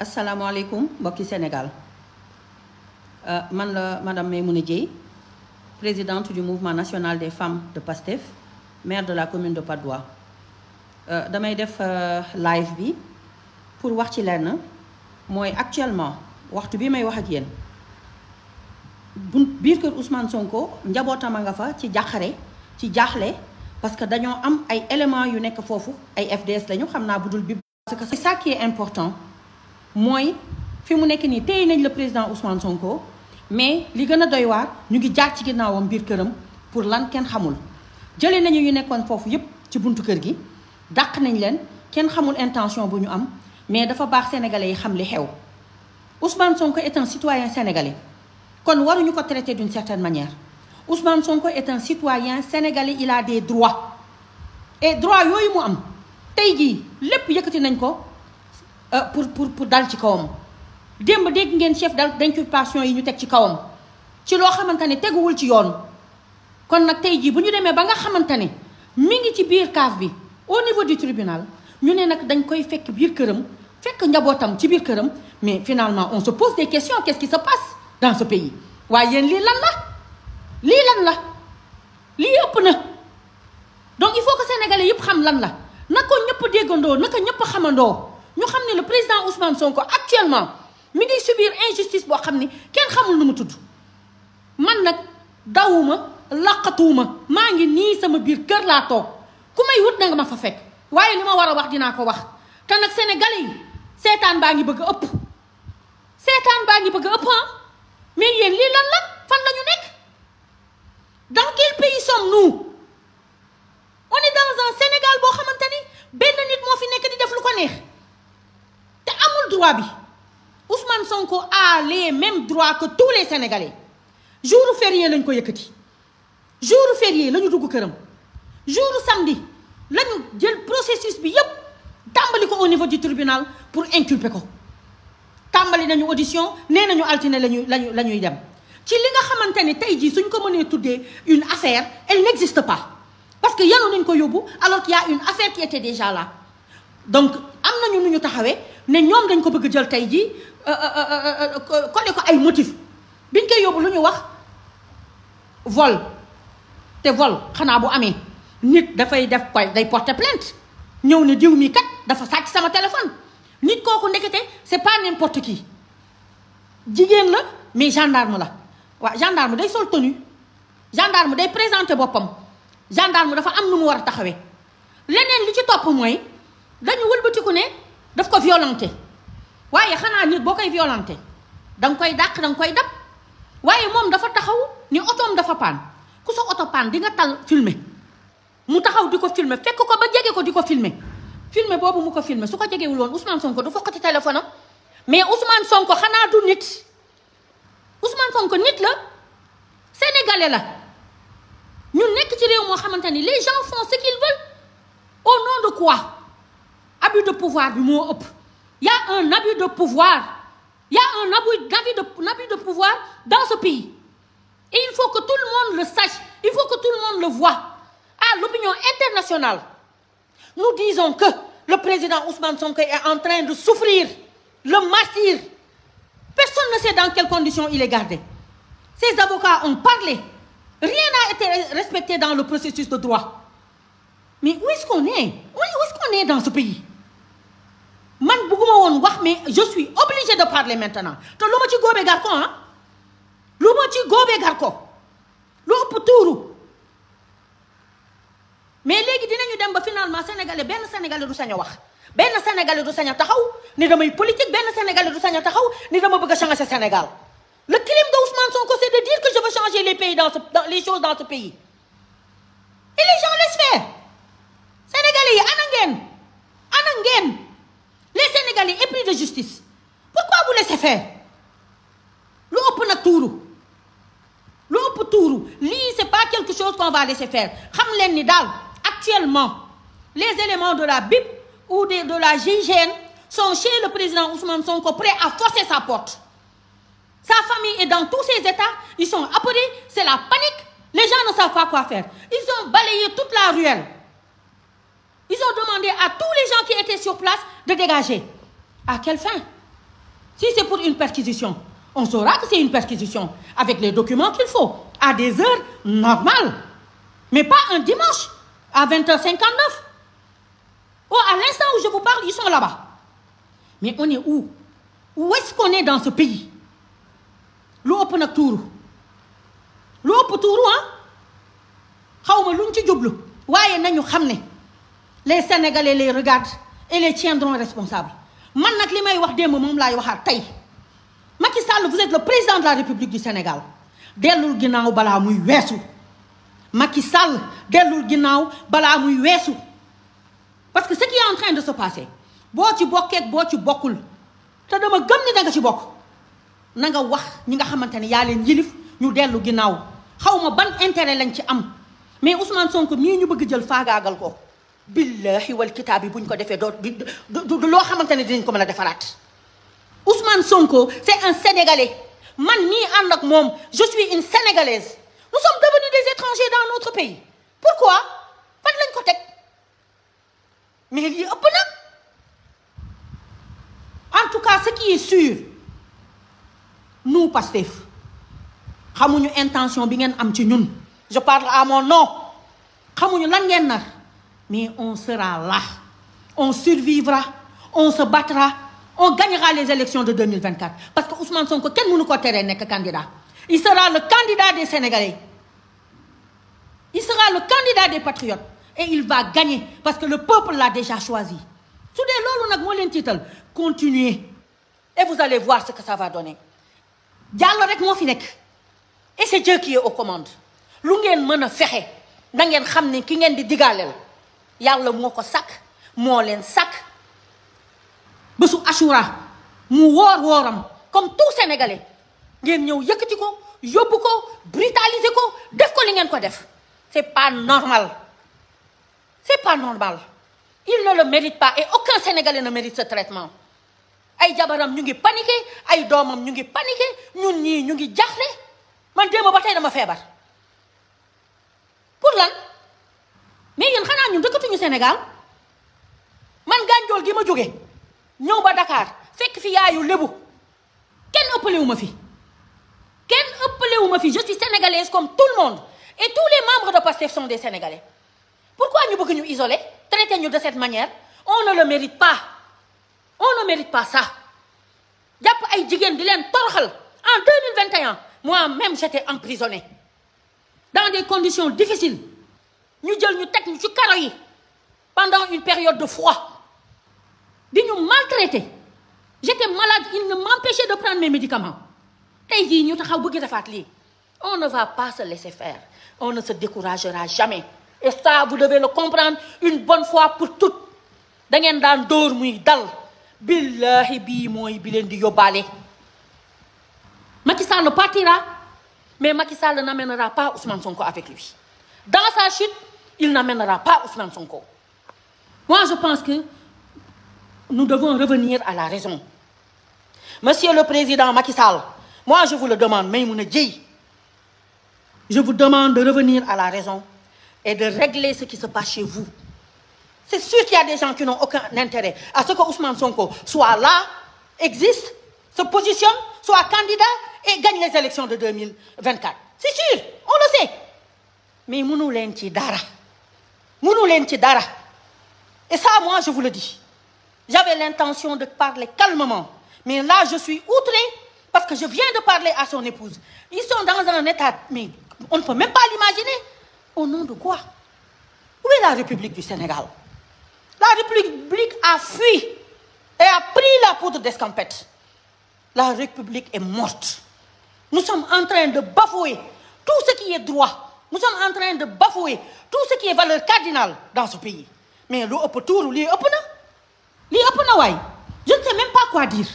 asalaamaaleykum mbokki Sénégal euh, man la madame Maimouna Dièye présidente du mouvement national des femmes de PASTEF maire de la commune de Patte euh, damay def euh, live bi pour wax ci lenn mooy actuellement waxtu bi may wax ak yéen bu biir kër Ousmane Sonko njabootam a nga fa ci jàqare ci jaaxle parce que dañoo am ay éléments yu nekk foofu ay FDS lañu xam naa bu dul bi parce que c'est important mooy fi mu nekk nii téye nañ la président Ousmane Sonko mais li gën a doy ñu ngi jaar ci ginnaawam biir këram pour lan kenn xamul jëlee nañu ñu nekkoon foofu yëpp ci buntu kër gi dàq nañ leen kenn xamul intention bu ñu am mais dafa baax sénégalais yi xam li xew Ousmane Sonko est un citoyen sénégalais kon waruñu ko traiter d'une certaine manière Ousmane Sonko est un citoyen sénégalais il a des droits et droits yooyu mu am tey jii lépp yëkkati nañ ko. Euh, pour pour pour dal ci kawam démb dégg ngeen chef dal d'inculpation yi ñu teg ci kawam ci loo xamante ne teguwul ci yoon kon nag tey jii bu ñu demee ba nga xamante ne mi ngi ci biir kaaf bi au niveau du tribunal ñu ne nag dañ koy fekk biir këram fekk njabootam ci biir këram mais finalement on se pose des questions qu'est-ce qui se passe dans sa pays waaye yéen lii lan la lii lan la lii ëpp na donc il faut que sénégalais yëpp xam lan la na ko ñëpp déggandoo na ko ñëpp xamandoo ne le président Ousmane Sonko actuellement mi ngi subir injustice boo xam ni kenn xamul nu mu tudd man nag dawuma laqatuuma maa ngi nii sama biir kër laa toog ku may wut na ma fa fekk waaye li ma war a wax dinaa ko wax te nag sénégalais yi seetaan baa ngi bëgg a ëpp seetaan baa ngi bëgg a ëpp ah mais lii lan la fan la ñu nekk dans quel pays sommes-nous on est Sénégal boo xamante ni benn nit moo fi nekk di def lu ko neex droit bi Ousmane Sonko a les mêmes droits que tous les Sénégalais jour férié lañ ko yëkkati jour férié la dugg këram jour samedi la ñu jël processus bi yépp tàmbali ko au niveau du tribunal pour inculper ko tàmbali nañu audition nee nañu altine lañu lañu la ñuy dem ci li nga xamante ne tey jii suñ ko mënee tuddee une affaire elle n'existe pas parce que yanu nañ ko yóbbu alors qu'il y a une affaire qui était déjà là donc am nañu nu ñu taxawee ne ñoom dañ ko bëgg jël tey jii euh, euh, euh, collé ko ay motif biñ koy yóbbu lu ñu wax vol te vol xanaa bu amee nit dafay def koy day porte plainte ñëw ne diw mi kat dafa sàcc sama téléphone nit kooku ndekete c'est pas n'importe qui jigéen la mais gendarme la waaw gendarme day sol tenue gendarme day présenter boppam gendarme dafa am nu mu war a taxawee leneen lu ci topp mooy dañu wëlbatiku ne daf ko violenté waaye xanaa nit boo koy violenté danga koy dàq danga koy dab waaye moom dafa taxaw ni otoom dafa paan ku sa oto paan di nga tal filmer mu taxaw di ko filmer fekk ko ba jege ko di ko filmer filmer boobu mu ko filmer su ko jegewul woon Ousmane Sonko du fokkati ci am mais Ousmane Sonko xanaa du nit Ousmane ko nit la sénégalais la ñu nekk ci réew moo xamante ni les gens font ce qu'ils veulent au nom de quoi abus de pouvoir bi moo ëpp y a un abus de pouvoir dans ce pays et il faut que tout le monde le sache il faut que tout le monde le voie à l'opinion internationale nous disons que le président Ousmane Sonko est en train de souffrir le martyre personne ne sait dans quelles conditions il est gardé ses avocats ont parlé rien n'a été respecté dans le processus de droit mais où est-ce qu'on est dans ce pays man bugguma woon wax mais je suis obligé de parler maintenant te lu ma ci góobee gar ko ah? lu ma ci góobee gar ko lu ëpp tuuru mais léegi dinañu dem ba finalement sénégalais benn sénégalais du sañ a wax benn sénégalais du sañ a taxaw ni damay politique benn sénégalais du sañ a taxaw ni dama bëgg a changer Sénégal le crime de Ousmane Sonko c'est de dire que je veux changer les pays dans ce dans les choses dans ce pays et les sénégalais épris de justice pourquoi vous laissez faire lu ëpp nag tuuru lu ëpp c'est pas quelque chose qu'on va laisser faire xam leen actuellement les éléments de la BIP ou de la GIGN sont chez le président Ousmane Sonko prêts à forcer sa porte sa famille est dans tous ses états ils sont apeurés c'est la panique les gens ne savent pas quoi faire ils ont balayé toute la ruelle ils ont demandé à tous les gens qui étaient de dégager. À quelle fin? Si c'est pour une perquisition, on saura que c'est une perquisition avec les documents qu'il faut à des heures normales, mais pas un dimanche à 20h59. Oh, à l'instant où je vous parle, ils sont là-bas. Mais on est où? Où est-ce qu'on est dans ce pays? lu ëpp nag tuuru lu ci jublu waaye nañu xam ne les Sénégalais les regardent et les tiendront responsables man nag li may wax démb moom laay waxaat tey ci Sall vous êtes le président de la République du Sénégal dellul ginnaaw balaa muy weesu Macky Sall dellul ginnaaw balaa muy weesu parce que ce qui en train de se passer boo ci bokkeeg boo ci bokkul te dama gën ni da ci bokk na wax ñi nga xamante ni yaa leen yilif ñu dellu ginnaaw xaw ma ban intérêt lañ ci am mais Ousmane Sonko mii ñu bëgg jël faagaagal ko billahi wal kitaab bi buñ ko defee doo du du loo xamante ne dinañ ko mën a defaraat Ousmane Sonko c'est un Sénégalais man mii ànd ak moom je suis une Sénégalaise nous sommes devenus des étrangers dans notre pays pourquoi fan lañ ko teg mais lii ëpp en tout cas ce qui est sûr nous Pastef xamuñu intention bi ngeen am ci ñun je parle à mon nom xamuñu lan ngeen na mais on sera là on survivra on se battra on gagnera les élections de 2024 parce que Ousmane Sonko kenn mënu ko teree nekk candidat il sera le candidat des Sénégalais il sera le candidat des patriotes et il va gagner parce que le peuple l'a déjà choisi su dee loolu nag moo leen tiital continuez et vous allez voir ce que ça va donner Diallo rek moo fi nekk et c'est Dieu qui est aux commandes lu ngeen mën a fexe da ngeen xam ne ki ngeen di digaaleel yàlla moo ko sàkk moo leen sàkk bésu Ashura mu woor wooram comme tout sénégalais ngeen ñëw yëkkati ko yóbbu ko brutaliser ko def ko li ngeen ko def c'est pas normal c'est pas normal il ne le mérite pas et aucun sénégalais ne mérite ce traitement ay jabaram ñu ngi paniqué ay doomam ñu ngi paniqué ñun ñii ñu ngi jaaxle man démb ba tey dama feebar pour lan xanaa ñun dëkkatuñu Sénégal man gànjool gi ma jóge ñëw ba Dakar fekk fi yaayu lébu kenn ëppalewu ma fi kenn ëppalewu ma fi je suis sénégalaise comme tout le monde et tous les membres de Pastef sont des sénégalais pourquoi ñu bëgg ñu isoler traiter ñu de cette manière on ne le mérite pas on ne mérite pas ça jàpp ay jigéen di leen toroxal en 2021 moi-même j'étais emprisonnée dans des conditions difficiles ñu jël ñu teg ñu ci karo yi pendant une période de froid di ñu maltraité j'étais malade il ne m'empêchait de prendre mes médicaments tey jii ñu taxaw bëgg defaat lii on ne va pas se laisser faire on ne se découragera jamais et ça vous devez le comprendre une bonne fois pour tout da ngeen daan door muy dal billahi bii mooy bi leen di yóbbaale Macky Sall partira mais Macky Sall n'amènera pas Ousmane Sonko avec lui dans sa chute il n'amènera pas Ousmane Sonko. Moi, je pense que nous devons revenir à la raison. Monsieur le Président Macky Sall, moi, je vous le demande, Maïmouna Diye, je vous demande de revenir à la raison et de régler ce qui se passe chez vous. C'est sûr qu'il y a des gens qui n'ont aucun intérêt à ce que Ousmane Sonko soit là, existe, se positionne, soit candidat et gagne les élections de 2024. C'est sûr, on le sait. Mais mënu leen ci dara. mënu leen ci dara et ça moi je vous le dis j'avais l'intention de parler calmement mais là je suis outrée parce que je viens de parler à son épouse ils sont dans un état mais on ne peut même pas l'imaginer au nom de quoi où est la République du Sénégal la République a fui et a pris la poudre d'escampette la République est morte nous sommes en train de bafouer tout ce qui est droit nous sommes en train de bafouer tout ce qui est valeur cardinale dans ce pays mais lu ëpp tuuru lii ëpp na lii ëpp na waay je ne sais pas quoi dire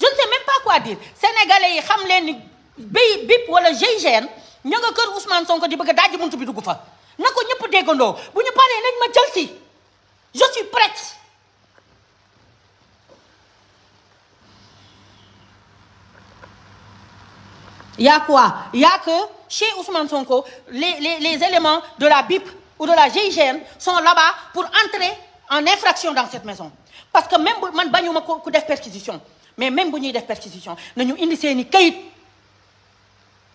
je ne sais pas quoi dire sénégalais yi xam leen ni bi BIP wala GIGN ña nga kër Ousmane Sonko di bëgg daaj muntu bi dugg fa na ko ñëpp déggandoo bu ñu paree nañ ma jël si je suis prête y quoi y que chez Ousmane Sonko les les les éléments de la BIP ou de la GIGN sont là ba pour entrer en infraction dans cette maison parce que même bu man bañuma ko ku def perquisition mais même bu ñuy def perquisition nañu indi seeni kayit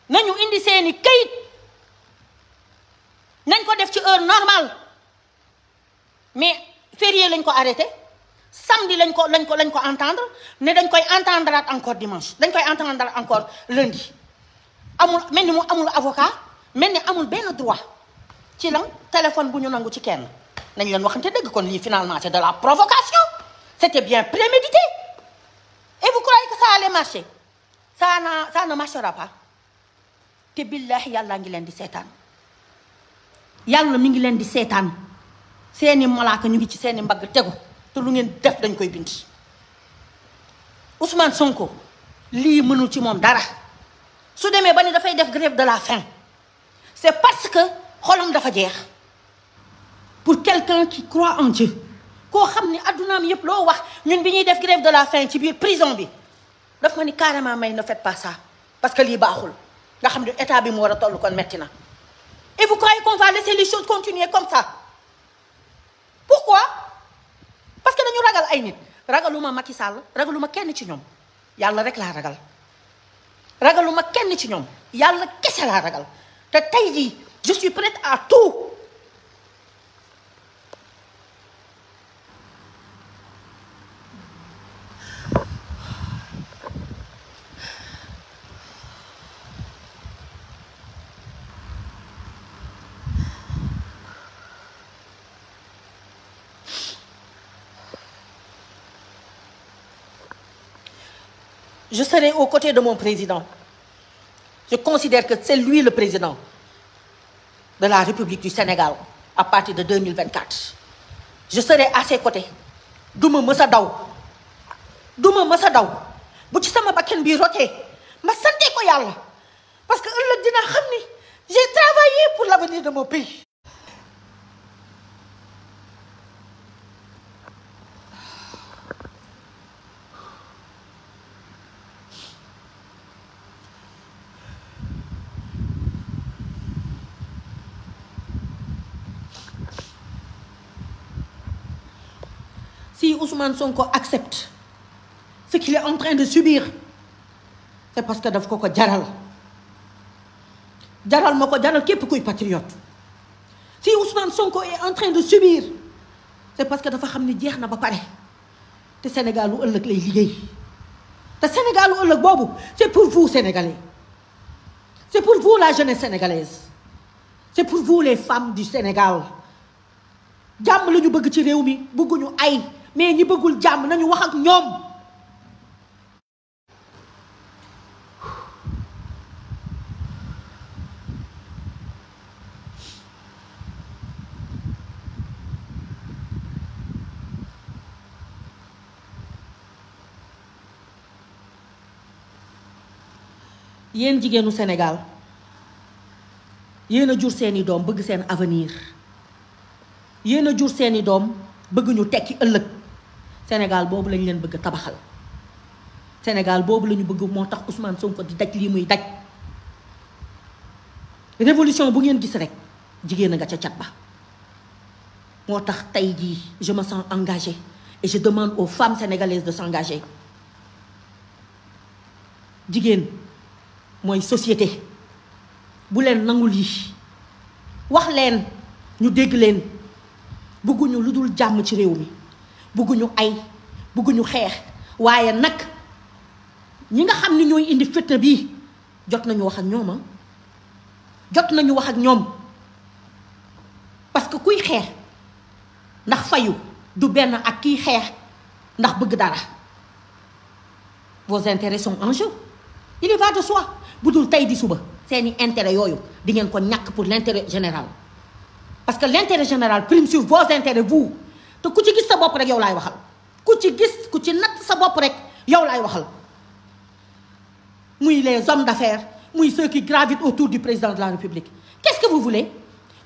nañu indi seeni kayit nañ ko def ci heure normale mais férié lañ ko arrêté samedi lañ ko lañ ko lañ ko entendre ne dañ koy entendrat encore dimanche dañ koy entendre encore lundi. amul mel ni mu amul avocat mel ni amul benn droit ci lan téléphone bu ñu nangu ci kenn nañ leen waxante dëgg ko lii finalement c'est de la provocation c'était bien prémédité et vous croyez que ça allait marcher ça na ça ne te billahi yàlla ngi leen di seetaan yàlla mu ngi leen di seetaan seeni malaaka ñu ngi ci seeni mbagg tegu te lu ngeen def dañ koy bind Ousmane Sonko lii mënul ci moom dara su demee ba ni dafay def grève de la faim c'est parce que xolom dafa jeex pour quelqu'un qui croit en koo xam ni addunaam yëpp loo wax ñun bi ñuy def grève de la faim ci biir prison bi daf ma ni carrément may na faites pas ça parce que lii baaxul nga xam ne état bi mu war a toll kon metti na et vous croyez qu'on va laisser les choses continuer comme ça pourquoi parce que dañu ragal ay nit ragaluma Macky Sall ragaluma kenn ci ñoom yàlla rek laa ragal ragaluma kenn ci ñoom yàlla kese laa ragal te tey jii je suis prête à tout je serai aux côtés de mon président. Je considère que c'est lui le président de la République du Sénégal à partir de 2024. Je serai à ses côtés. duma mës a daw duma mës a daw bu ci sama bakkan bi rotee ma sante ko yàlla parce que ëllëg dinaa xam ni j'ai travaillé pour l'avenir de mon pays Ousmane Sonko accepte ce qu'il est en train de subir c'est parce que daf ko ko jaral jaral ma ko jaral képp kuy patriote si Ousmane Sonko est en train de subir c'est parce que dafa xam ni jeex na ba pare te Sénégal lu ëllëg lay liggéey te Sénégal lu ëllëg boobu c'est pour vous Sénégalais c'est pour vous la jeune sénégalaise c'est pour vous les femmes du Sénégal jàmm la bëgg ci réew mi bëgguñu ay mais ñi bëggul jàmm nañu wax ak ñoom yéen jigéenu senegal yéen jur seeni doom bëgg seen avenir yéen a jur seeni doom bëgg ñu tekki ëllëg Sénégal boobu lañ leen bëgg tabaxal Sénégal boobu lañu bëgg moo tax Ousmane Sonko di daj lii muy daj révolution bu ngeen gis rek jigéen a nga ca cat ba moo tax tey jii je me sens engagée demande aux femme sénégalaises de s'engager jigéen mooy société bu leen nangu yi wax leen ñu dégg leen bëgguñu lu dul jàmm ci réew mi bugguñu ay bugguñu xeex waaye nag ñi nga xam ni ñooy indi fitna bii jot nañu wax ak ñoom ah. jot nañu wax ak ñoom parce que kuy xeex ndax fayu du benn ak kiy xeex ndax bëgg dara vos intérêts sont en jeu il va de soi bu dul tey di suba seeni intérêt yooyu di ngeen ko ñàkk pour l' général parce que l' intérêt général prime sur vos intérêts vous te ku ci gis sa bopp rek yow laay waxal ku ci gis ku ci natt sa bopp rek yow laay waxal muy les hommes d'affaires muy ceux qui gravitent autour du président de la République qu'est-ce que vous voulez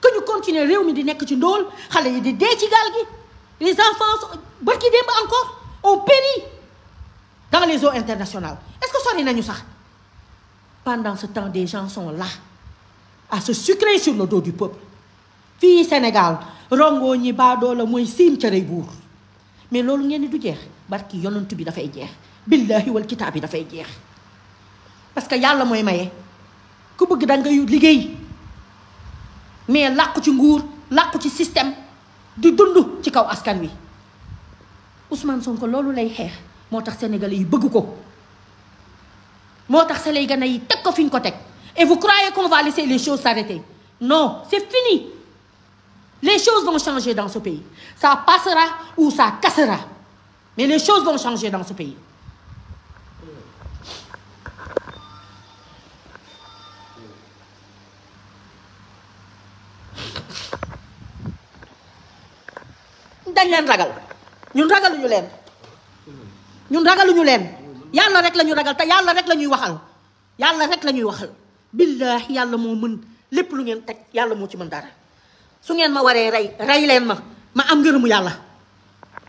que ñu continuer mi di nekk ci ndóol xale yi di dee ci gaal gi les enfants barki démb encore on périt dans les eaux internationales est-ce que sori nañu sax pendant ce temps des gens sont là à se sucrer sur le du peuple fii Sénégal rongoo ñi baadoo la mooy siim cere buur mais loolu ngeen du jeex barki yonent bi dafay jeex billaahi wal kitaab bi dafay jeex parce que yàlla mooy maye ku bëgg da ngay liggéey mais làqu ci nguur làqu ci système di dund ci kaw askan wi Ousmane Sonko loolu lay xeex moo tax sénégalais yi bëgg ko moo tax sénégalais yi teg ko fi ñu ko teg et vous croyez qu'on va laisser les choses s'arrêter non fini Les choses vont changer dans ce pays. Ça passera ou ça cassera. Mais les choses vont changer dans ce pays. dañ leen ragal ñun ragaluñu leen ñun ragaluñu leen yàlla rek la ñu ragal te yàlla rek la ñuy waxal yàlla rek la ñuy waxal billaahi yàlla moo mën lépp lu ngeen teg yàlla moo ci mën dara su ngeen ma waree rey rey leen ma ma am ngërëmu yàlla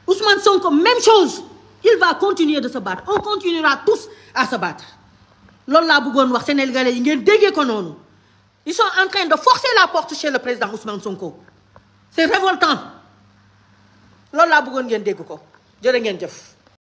Ousmane Sonko même chose il va continuer de sa battre on continuera tous à sa battre loolu laa bëggoon wax sénégalais yi ngeen déggee ko noonu il sont en train de forcer la porte chez le président Ousmane Sonko c'est révoltant loolu laa bëggoon ngeen dégg ko jërë ngeen jëf.